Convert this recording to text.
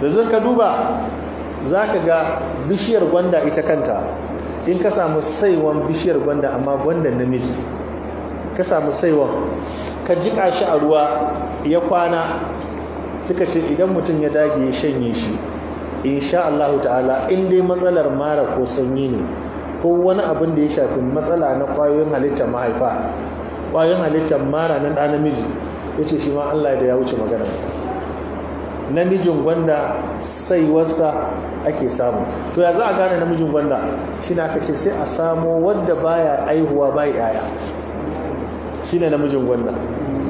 to zan ka duba za ka ga bishiyar gwanda ita kanta in ka samu saiwan bishiyar gwanda amma gwanda namiji ka samu saiwan ka jiƙa shi a ruwa ya kwana suka ce idan mutum ya dage shanye shi insha Allah ta'ala in dai matsalar mara ko sanyi ne ko wani abin da ya shafi matsala na ƙwayoyin halittar mahaifa ƙwayoyin halittar mara na ɗa namiji ya ce shi ma Allah da ya wuce maganarsa namijin gwanda saiwarsa ake samu to ya za a gane namijin gwanda shi ne aka ce sai a samo wadda baya aihuwa bai yaya shi ne namijin gwanda